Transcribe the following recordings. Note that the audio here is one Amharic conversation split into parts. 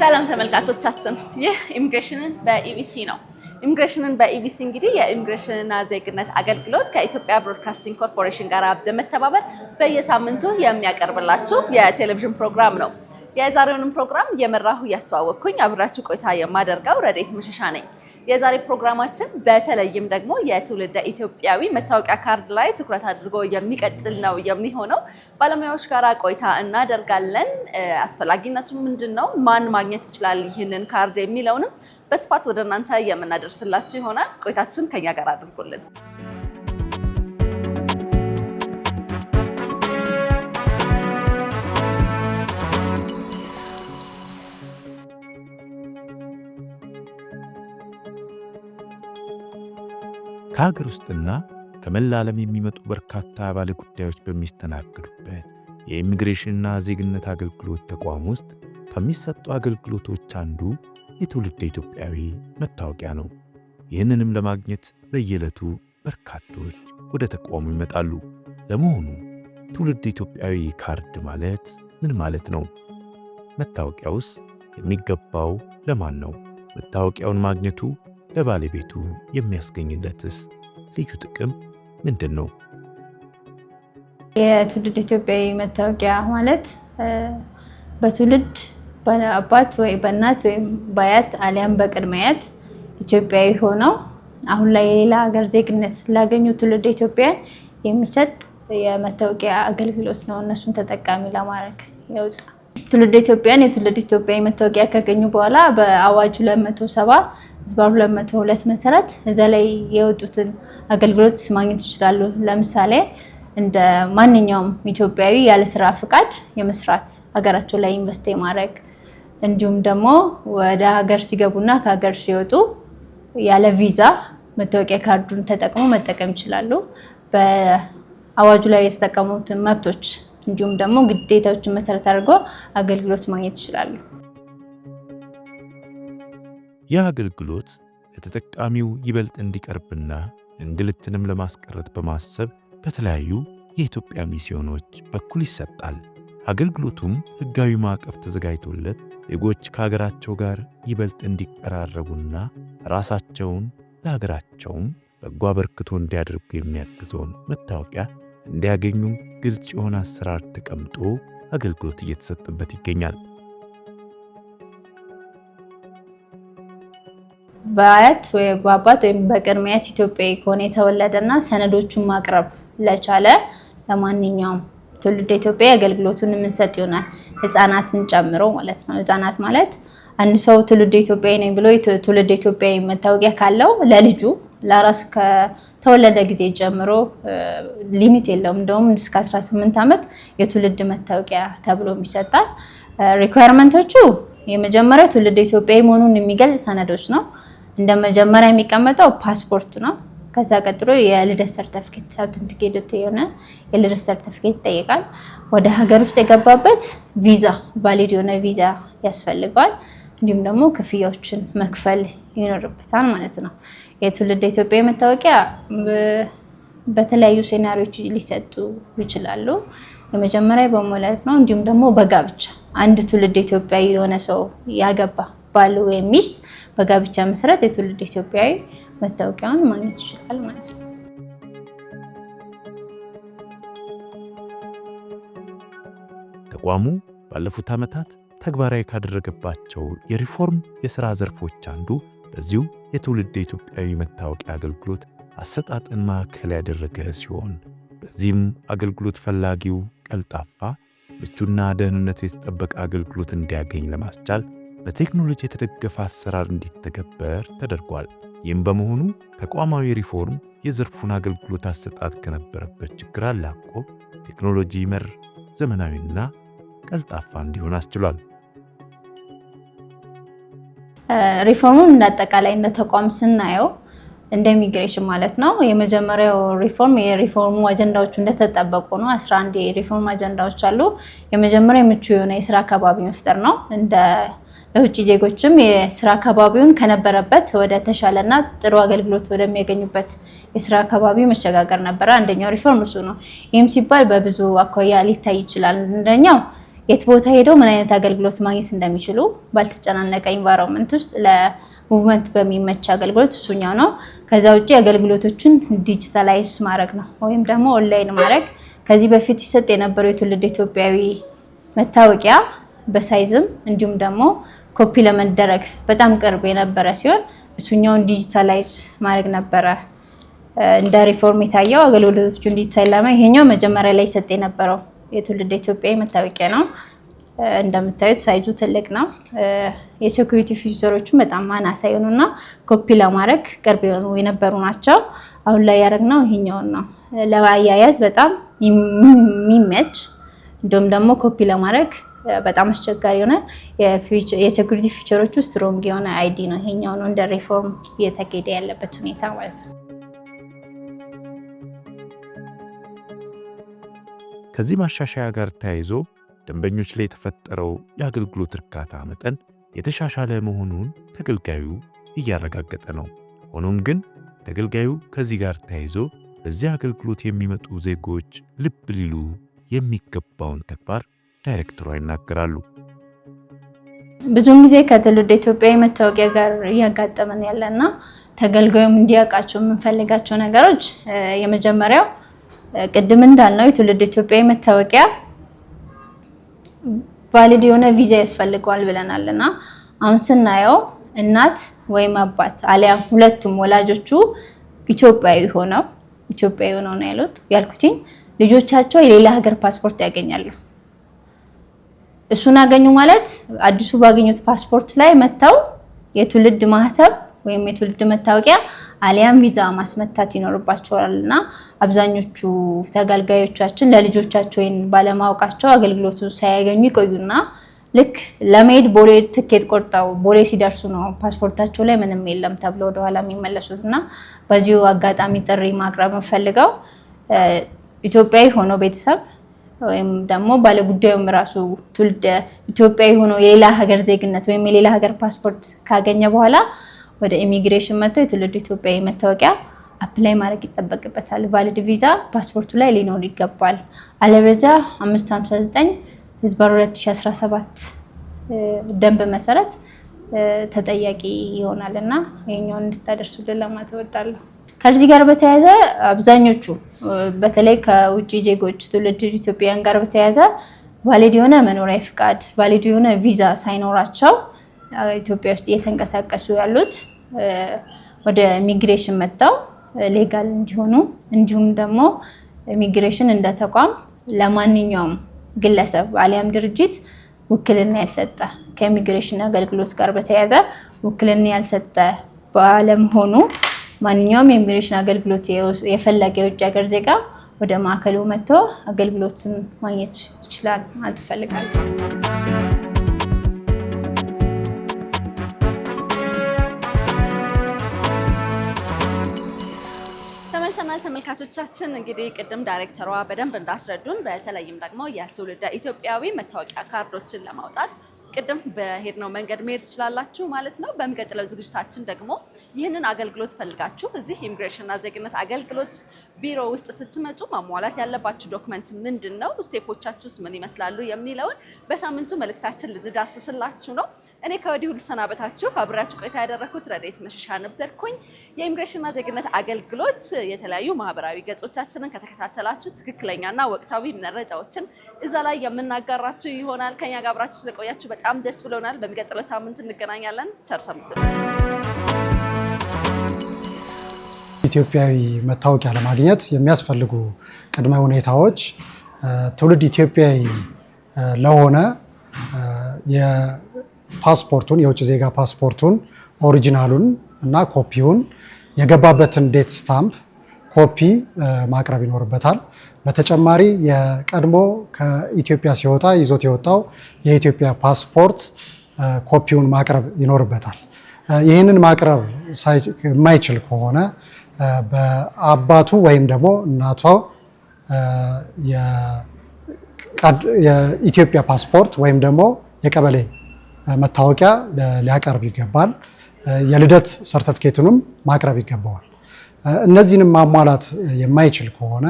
ሰላም ተመልካቾቻችን፣ ይህ ኢሚግሬሽንን በኢቢሲ ነው። ኢሚግሬሽንን በኢቢሲ እንግዲህ የኢሚግሬሽንና ዜግነት አገልግሎት ከኢትዮጵያ ብሮድካስቲንግ ኮርፖሬሽን ጋር በመተባበር በየሳምንቱ የሚያቀርብላችሁ የቴሌቪዥን ፕሮግራም ነው። የዛሬውንም ፕሮግራም እየመራሁ እያስተዋወቅኩኝ አብራችሁ ቆይታ የማደርገው ረዴት ምሸሻ ነኝ። የዛሬ ፕሮግራማችን በተለይም ደግሞ የትውልደ ኢትዮጵያዊ መታወቂያ ካርድ ላይ ትኩረት አድርጎ የሚቀጥል ነው የሚሆነው። ባለሙያዎች ጋር ቆይታ እናደርጋለን። አስፈላጊነቱ ምንድን ነው፣ ማን ማግኘት ይችላል ይህንን ካርድ የሚለውንም በስፋት ወደ እናንተ የምናደርስላችሁ ይሆናል። ቆይታችሁን ከኛ ጋር አድርጎልን ከሀገር ውስጥና ከመላ ዓለም የሚመጡ በርካታ ባለ ጉዳዮች በሚስተናገዱበት የኢሚግሬሽንና ዜግነት አገልግሎት ተቋም ውስጥ ከሚሰጡ አገልግሎቶች አንዱ የትውልድ ኢትዮጵያዊ መታወቂያ ነው። ይህንንም ለማግኘት በየዕለቱ በርካቶች ወደ ተቋሙ ይመጣሉ። ለመሆኑ ትውልድ ኢትዮጵያዊ ካርድ ማለት ምን ማለት ነው? መታወቂያውስ የሚገባው ለማን ነው? መታወቂያውን ማግኘቱ ለባለቤቱ የሚያስገኝለትስ ልዩ ጥቅም ምንድን ነው? የትውልድ ኢትዮጵያዊ መታወቂያ ማለት በትውልድ በአባት ወይ በእናት ወይም በአያት አሊያም በቅድመ አያት ኢትዮጵያዊ ሆነው አሁን ላይ የሌላ ሀገር ዜግነት ላገኙ ትውልድ ኢትዮጵያን የሚሰጥ የመታወቂያ አገልግሎት ነው። እነሱን ተጠቃሚ ለማድረግ የወጣ ትውልድ ኢትዮጵያን የትውልድ ኢትዮጵያዊ መታወቂያ ካገኙ በኋላ በአዋጁ ለመቶ ሰባ ዝባር 202 መሰረት እዛ ላይ የወጡትን አገልግሎት ማግኘት ይችላሉ። ለምሳሌ እንደ ማንኛውም ኢትዮጵያዊ ያለ ስራ ፍቃድ የመስራት ሀገራቸው ላይ ኢንቨስት የማድረግ እንዲሁም ደግሞ ወደ ሀገር ሲገቡና ከሀገር ሲወጡ ያለ ቪዛ መታወቂያ ካርዱን ተጠቅሞ መጠቀም ይችላሉ። በአዋጁ ላይ የተጠቀሙትን መብቶች እንዲሁም ደግሞ ግዴታዎችን መሰረት አድርጎ አገልግሎት ማግኘት ይችላሉ። ይህ አገልግሎት ለተጠቃሚው ይበልጥ እንዲቀርብና እንግልትንም ለማስቀረት በማሰብ በተለያዩ የኢትዮጵያ ሚስዮኖች በኩል ይሰጣል። አገልግሎቱም ሕጋዊ ማዕቀፍ ተዘጋጅቶለት ዜጎች ከሀገራቸው ጋር ይበልጥ እንዲቀራረቡና ራሳቸውን ለሀገራቸውም በጎ አበርክቶ እንዲያደርጉ የሚያግዘውን መታወቂያ እንዲያገኙ ግልጽ የሆነ አሰራር ተቀምጦ አገልግሎት እየተሰጠበት ይገኛል። በአያት ወይም በአባት ወይም በቅድመ አያት ኢትዮጵያዊ ከሆነ የተወለደና ሰነዶቹን ማቅረብ ለቻለ ለማንኛውም ትውልደ ኢትዮጵያዊ አገልግሎቱን የምንሰጥ ይሆናል። ህፃናትን ጨምሮ ማለት ነው። ህፃናት ማለት አንድ ሰው ትውልደ ኢትዮጵያዊ ነኝ ብሎ ትውልደ ኢትዮጵያዊ መታወቂያ ካለው ለልጁ ለራስ ከተወለደ ጊዜ ጀምሮ ሊሚት የለውም። እንደውም እስከ 18 ዓመት የትውልድ መታወቂያ ተብሎ ይሰጣል። ሪኳየርመንቶቹ የመጀመሪያው ትውልደ ኢትዮጵያዊ መሆኑን የሚገልጽ ሰነዶች ነው። እንደ መጀመሪያ የሚቀመጠው ፓስፖርት ነው። ከዛ ቀጥሎ የልደት ሰርተፍኬት አውተንቲኬት የሆነ የልደት ሰርተፍኬት ይጠይቃል። ወደ ሀገር ውስጥ የገባበት ቪዛ ቫሊድ የሆነ ቪዛ ያስፈልገዋል። እንዲሁም ደግሞ ክፍያዎችን መክፈል ይኖርበታል ማለት ነው። የትውልድ ኢትዮጵያ መታወቂያ በተለያዩ ሴናሪዎች ሊሰጡ ይችላሉ። የመጀመሪያ በመውለድ ነው። እንዲሁም ደግሞ በጋብቻ አንድ ትውልድ ኢትዮጵያዊ የሆነ ሰው ያገባ ባል ወይም ሚስት በጋብቻ መሰረት የትውልድ ኢትዮጵያዊ መታወቂያውን ማግኘት ይችላል ማለት ነው። ተቋሙ ባለፉት ዓመታት ተግባራዊ ካደረገባቸው የሪፎርም የሥራ ዘርፎች አንዱ በዚሁ የትውልድ ኢትዮጵያዊ መታወቂያ አገልግሎት አሰጣጥን ማዕከል ያደረገ ሲሆን በዚህም አገልግሎት ፈላጊው ቀልጣፋ፣ ምቹና ደህንነቱ የተጠበቀ አገልግሎት እንዲያገኝ ለማስቻል በቴክኖሎጂ የተደገፈ አሰራር እንዲተገበር ተደርጓል። ይህም በመሆኑ ተቋማዊ ሪፎርም የዘርፉን አገልግሎት አሰጣጥ ከነበረበት ችግር አላቆ ቴክኖሎጂ መር ዘመናዊና ቀልጣፋ እንዲሆን አስችሏል። ሪፎርሙን እንዳጠቃላይ አጠቃላይ እንደ ተቋም ስናየው እንደ ኢሚግሬሽን ማለት ነው። የመጀመሪያው ሪፎርም የሪፎርሙ አጀንዳዎቹ እንደተጠበቁ ነው። 11 የሪፎርም አጀንዳዎች አሉ። የመጀመሪያ ምቹ የሆነ የስራ አካባቢ መፍጠር ነው እንደ ለውጭ ዜጎችም የስራ አካባቢውን ከነበረበት ወደ ተሻለና ጥሩ አገልግሎት ወደሚያገኙበት የስራ አካባቢ መሸጋገር ነበረ። አንደኛው ሪፎርም እሱ ነው። ይህም ሲባል በብዙ አኳያ ሊታይ ይችላል። አንደኛው የት ቦታ ሄደው ምን አይነት አገልግሎት ማግኘት እንደሚችሉ ባልተጨናነቀ ኢንቫይሮንመንት ውስጥ ለሙቭመንት በሚመች አገልግሎት እሱኛው ነው። ከዛ ውጭ አገልግሎቶችን ዲጂታላይዝ ማድረግ ነው ወይም ደግሞ ኦንላይን ማድረግ። ከዚህ በፊት ይሰጥ የነበረው የትውልድ ኢትዮጵያዊ መታወቂያ በሳይዝም እንዲሁም ደግሞ ኮፒ ለመደረግ በጣም ቅርብ የነበረ ሲሆን እሱኛውን ዲጂታላይዝ ማድረግ ነበረ እንደ ሪፎርም የታየው አገልግሎቶቹን ዲጂታል ለማ ይሄኛው መጀመሪያ ላይ ይሰጥ የነበረው የትውልድ ኢትዮጵያ መታወቂያ ነው። እንደምታዩት ሳይዙ ትልቅ ነው። የሴኩሪቲ ፊቸሮቹን በጣም አናሳ የሆኑና ኮፒ ለማድረግ ቅርብ የሆኑ የነበሩ ናቸው። አሁን ላይ ያደረግነው ይሄኛውን ነው። ለማያያዝ በጣም የሚመች እንዲሁም ደግሞ ኮፒ ለማድረግ በጣም አስቸጋሪ የሆነ የሴኩሪቲ ውስጥ ሮንግ የሆነ አይዲ ነው። ይሄኛው ነው እንደ ሪፎርም እየተካሄደ ያለበት ሁኔታ ማለት ነው። ከዚህ ማሻሻያ ጋር ተያይዞ ደንበኞች ላይ የተፈጠረው የአገልግሎት እርካታ መጠን የተሻሻለ መሆኑን ተገልጋዩ እያረጋገጠ ነው። ሆኖም ግን ተገልጋዩ ከዚህ ጋር ተያይዞ በዚህ አገልግሎት የሚመጡ ዜጎች ልብ ሊሉ የሚገባውን ተግባር ዳይሬክተሯ ይናገራሉ። ብዙውን ጊዜ ከትውልደ ኢትዮጵያዊ መታወቂያ ጋር እያጋጠመን ያለና ተገልጋዩም እንዲያውቃቸው የምንፈልጋቸው ነገሮች የመጀመሪያው ቅድም እንዳልነው የትውልደ ኢትዮጵያዊ መታወቂያ ቫሊድ የሆነ ቪዛ ያስፈልገዋል ብለናል እና አሁን ስናየው እናት ወይም አባት አሊያም ሁለቱም ወላጆቹ ኢትዮጵያዊ ሆነው ኢትዮጵያዊ ሆነው ነው ያሉት ያልኩትኝ ልጆቻቸው የሌላ ሀገር ፓስፖርት ያገኛሉ። እሱን አገኙ ማለት አዲሱ ባገኙት ፓስፖርት ላይ መጥተው የትውልድ ማህተም ወይም የትውልድ መታወቂያ አሊያም ቪዛ ማስመታት ይኖርባቸዋል እና አብዛኞቹ ተገልጋዮቻችን ለልጆቻቸው ወይም ባለማወቃቸው አገልግሎቱ ሳያገኙ ይቆዩና ልክ ለመሄድ ቦሌ ትኬት ቆርጠው ቦሌ ሲደርሱ ነው ፓስፖርታቸው ላይ ምንም የለም ተብሎ ወደኋላ የሚመለሱት እና በዚሁ አጋጣሚ ጥሪ ማቅረብ ፈልገው ኢትዮጵያዊ ሆኖ ቤተሰብ ወይም ደግሞ ባለጉዳዩም ራሱ ትውልደ ኢትዮጵያ የሆነው የሌላ ሀገር ዜግነት ወይም የሌላ ሀገር ፓስፖርት ካገኘ በኋላ ወደ ኢሚግሬሽን መጥቶ የትውልድ ኢትዮጵያ መታወቂያ አፕላይ ማድረግ ይጠበቅበታል። ቫሊድ ቪዛ ፓስፖርቱ ላይ ሊኖር ይገባል። አለበለዚያ 559 ህዝባር 2017 ደንብ መሰረት ተጠያቂ ይሆናል እና ይህኛውን እንድታደርሱልን ለማለት እወዳለሁ። ከዚህ ጋር በተያያዘ አብዛኞቹ በተለይ ከውጭ ዜጎች ትውልድ ኢትዮጵያውያን ጋር በተያያዘ ቫሊድ የሆነ መኖሪያ ፍቃድ፣ ቫሊድ የሆነ ቪዛ ሳይኖራቸው ኢትዮጵያ ውስጥ እየተንቀሳቀሱ ያሉት ወደ ኢሚግሬሽን መጥተው ሌጋል እንዲሆኑ እንዲሁም ደግሞ ኢሚግሬሽን እንደ ተቋም ለማንኛውም ግለሰብ አሊያም ድርጅት ውክልና ያልሰጠ ከኢሚግሬሽን አገልግሎት ጋር በተያያዘ ውክልና ያልሰጠ ባለመሆኑ ማንኛውም የኢሚግሬሽን አገልግሎት የፈለገ የውጭ ሀገር ዜጋ ወደ ማዕከሉ መጥቶ አገልግሎት ማግኘት ይችላል ማለት እፈልጋለሁ። ብለናል። ተመልካቾቻችን እንግዲህ ቅድም ዳይሬክተሯ በደንብ እንዳስረዱን በተለይም ደግሞ የትውልደ ኢትዮጵያዊ መታወቂያ ካርዶችን ለማውጣት ቅድም በሄድነው መንገድ መሄድ ትችላላችሁ ማለት ነው። በሚቀጥለው ዝግጅታችን ደግሞ ይህንን አገልግሎት ፈልጋችሁ እዚህ ኢሚግሬሽንና ዜግነት አገልግሎት ቢሮ ውስጥ ስትመጡ ማሟላት ያለባችሁ ዶክመንት ምንድን ነው፣ ስቴፖቻችሁስ ምን ይመስላሉ የሚለውን በሳምንቱ መልእክታችን ልንዳስስላችሁ ነው። እኔ ከወዲሁ ልሰናበታችሁ። አብሬያችሁ ቆይታ ያደረኩት ረዴት መሸሻ ነበርኩኝ። የኢሚግሬሽንና ዜግነት አገልግሎት የተለያዩ ማህበራዊ ገጾቻችንን ከተከታተላችሁ ትክክለኛና ወቅታዊ መረጃዎችን እዛ ላይ የምናጋራችሁ ይሆናል። ከኛ ጋር አብራችሁ ስለቆያችሁ በጣም ደስ ብሎናል። በሚቀጥለው ሳምንት እንገናኛለን። ቸር ሰንብቱ። ኢትዮጵያዊ መታወቂያ ለማግኘት የሚያስፈልጉ ቅድመ ሁኔታዎች ትውልድ ኢትዮጵያዊ ለሆነ የፓስፖርቱን የውጭ ዜጋ ፓስፖርቱን ኦሪጂናሉን እና ኮፒውን የገባበትን ዴት ስታምፕ ኮፒ ማቅረብ ይኖርበታል። በተጨማሪ የቀድሞ ከኢትዮጵያ ሲወጣ ይዞት የወጣው የኢትዮጵያ ፓስፖርት ኮፒውን ማቅረብ ይኖርበታል። ይህንን ማቅረብ የማይችል ከሆነ በአባቱ ወይም ደግሞ እናቷ የኢትዮጵያ ፓስፖርት ወይም ደግሞ የቀበሌ መታወቂያ ሊያቀርብ ይገባል። የልደት ሰርተፍኬትንም ማቅረብ ይገባዋል። እነዚህንም ማሟላት የማይችል ከሆነ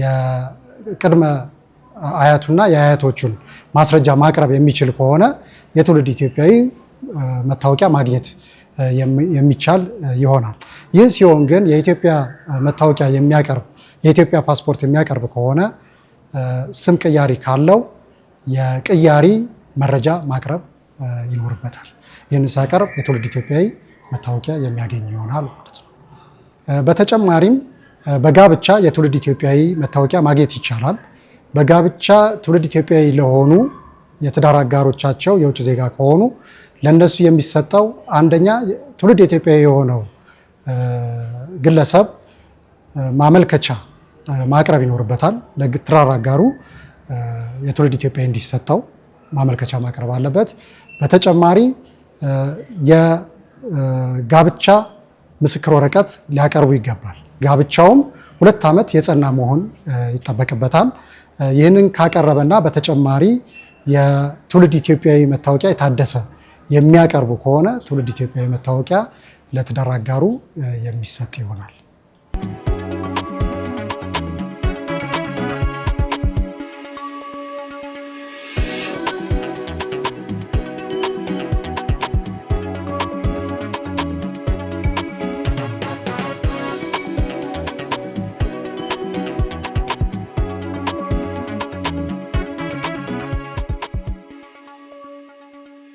የቅድመ አያቱና የአያቶቹን ማስረጃ ማቅረብ የሚችል ከሆነ የትውልድ ኢትዮጵያዊ መታወቂያ ማግኘት የሚቻል ይሆናል። ይህ ሲሆን ግን የኢትዮጵያ መታወቂያ የሚያቀርብ የኢትዮጵያ ፓስፖርት የሚያቀርብ ከሆነ ስም ቅያሪ ካለው የቅያሪ መረጃ ማቅረብ ይኖርበታል። ይህን ሲያቀርብ የትውልድ ኢትዮጵያዊ መታወቂያ የሚያገኝ ይሆናል ማለት ነው። በተጨማሪም በጋብቻ የትውልድ ኢትዮጵያዊ መታወቂያ ማግኘት ይቻላል። በጋብቻ ትውልድ ኢትዮጵያዊ ለሆኑ የትዳር አጋሮቻቸው የውጭ ዜጋ ከሆኑ ለእነሱ የሚሰጠው አንደኛ ትውልድ ኢትዮጵያዊ የሆነው ግለሰብ ማመልከቻ ማቅረብ ይኖርበታል። ለትራራ አጋሩ የትውልድ ኢትዮጵያዊ እንዲሰጠው ማመልከቻ ማቅረብ አለበት። በተጨማሪ የጋብቻ ምስክር ወረቀት ሊያቀርቡ ይገባል። ጋብቻውም ሁለት ዓመት የጸና መሆን ይጠበቅበታል። ይህንን ካቀረበና በተጨማሪ የትውልድ ኢትዮጵያዊ መታወቂያ የታደሰ የሚያቀርቡ ከሆነ ትውልድ ኢትዮጵያዊ መታወቂያ ለትዳር አጋሩ የሚሰጥ ይሆናል።